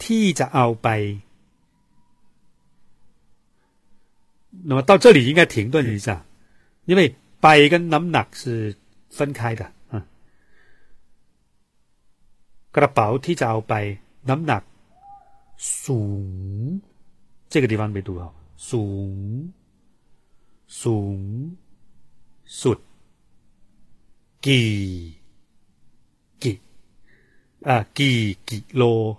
天就拗拜，那麼到這裏應該停頓一下，因為拜跟南納是分開的，嗯，佢哋寶天就拗拜南納，聳，這個地方沒讀好，聳，聳，豎，結，結，啊，結結咯。